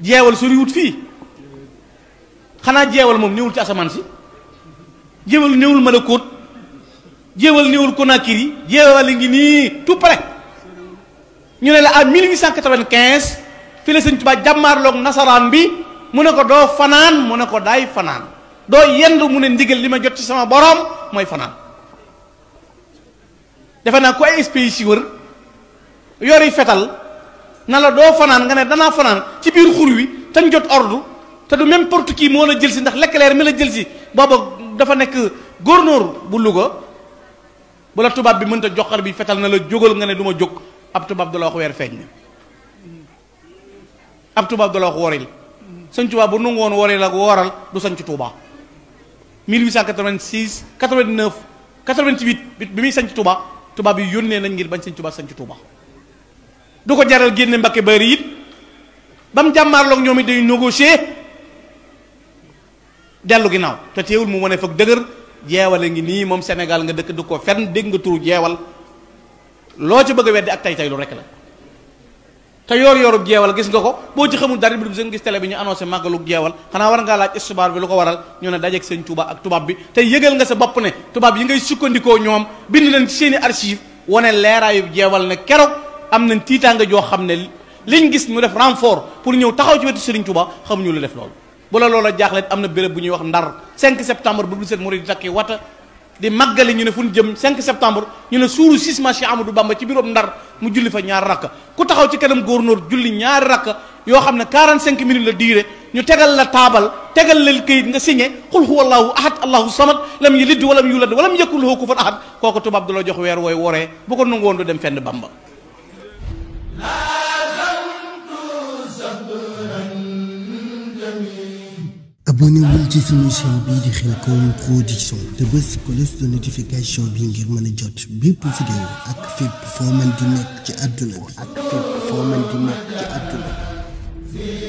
jeewal soriwut fii xanaa jeewal moom néewul ci asamaan si jéewal néewul malakoot jéewal néewul Conakry jéewal ngi nii tout près ñu ne la am à 1895 fi la sëñ Tuubaa jàmmaarloog nasaraan bi mu ne ko doo fanaan mu ne ko daay fanaan doo yend mu ne ndigal li ma jot ci sama borom mooy fanaan defe naa ku ay espèces si wër yori fetal na la doo fanaan nga ne danaa fanaan ci biir xur wi tañ jot ordre te du même porte moo la jël si ndax l'éclair mi la jël si booba dafa nekk góornóor bu Louga bu tubab bi mën ta joxar bi fetal na la jógal nga ne duma jog ab tubab du la wax wer feeñ ab tubab du la wax woril sëñ tubaab bu nangu woon woril ak woral du sañ ci 1886 89 88 bi mi sañ ci tuubaa bi yonne yónnee nañ ngir bañ sëñ tubaab sañ ci du ko jaral genn mbakke beuri yit bam jamar lok ñomi day négocier delu ginaaw te teewul mu wane fakk dëgër jeewale ngi nii moom senegal nga dëkk du ko fenn dégg nga turu jeewal loo ci bëgg a weddi ak tay tay lu rek la te yor-yorub jeewal gis nga ko boo ci xamul dara bi du gis tele bi ñu annoncé màggalu jeewal xanaa war ngaa laaj istibaar bi lu ko waral ñu ne dajeeg sëñ Tuuba ak tubaab bi te yëgal nga sa bopp ne tubaab yi ngay sukkandikoo ñoom bind leen ci seen i archive wane leeraayub jeewal ne keroog am nañ tiitaanga joo xam ne liñ gis mu def renfort pour ñëw taxaw ci wetu sëriñ Tuuba xamuñu lu def loolu bu la loola jaaxle am na béréb bu ñuy wax ndar 5 septembre bu bu set murid di takki wata di màggali ñu ne fu jëm 5 septembre ñu ne suuru six ma Cheikh Amadou Bamba ci birob ndar mu julli fa ñaari rakka ku taxaw ci kanam góornóor julli ñaari rakka yoo xam ne 45 minutes la diire ñu tegal la taabal tegal la këyit nga signé xul huwallahu ahad allahu samad lam yalid walam yulad walam yakul lahu kufuwan ahad kooku tubaab du la jox weer wooy woree bu ko nangu du dem fenn Bamba abonné wul ci suñu chaîne bii di Khelcom production te bés cloche de notification bi ngir mën a jot bépp vidéo ak fépp foo di nekk ci àdduna bi ak fépp foo di nekk ci àdduna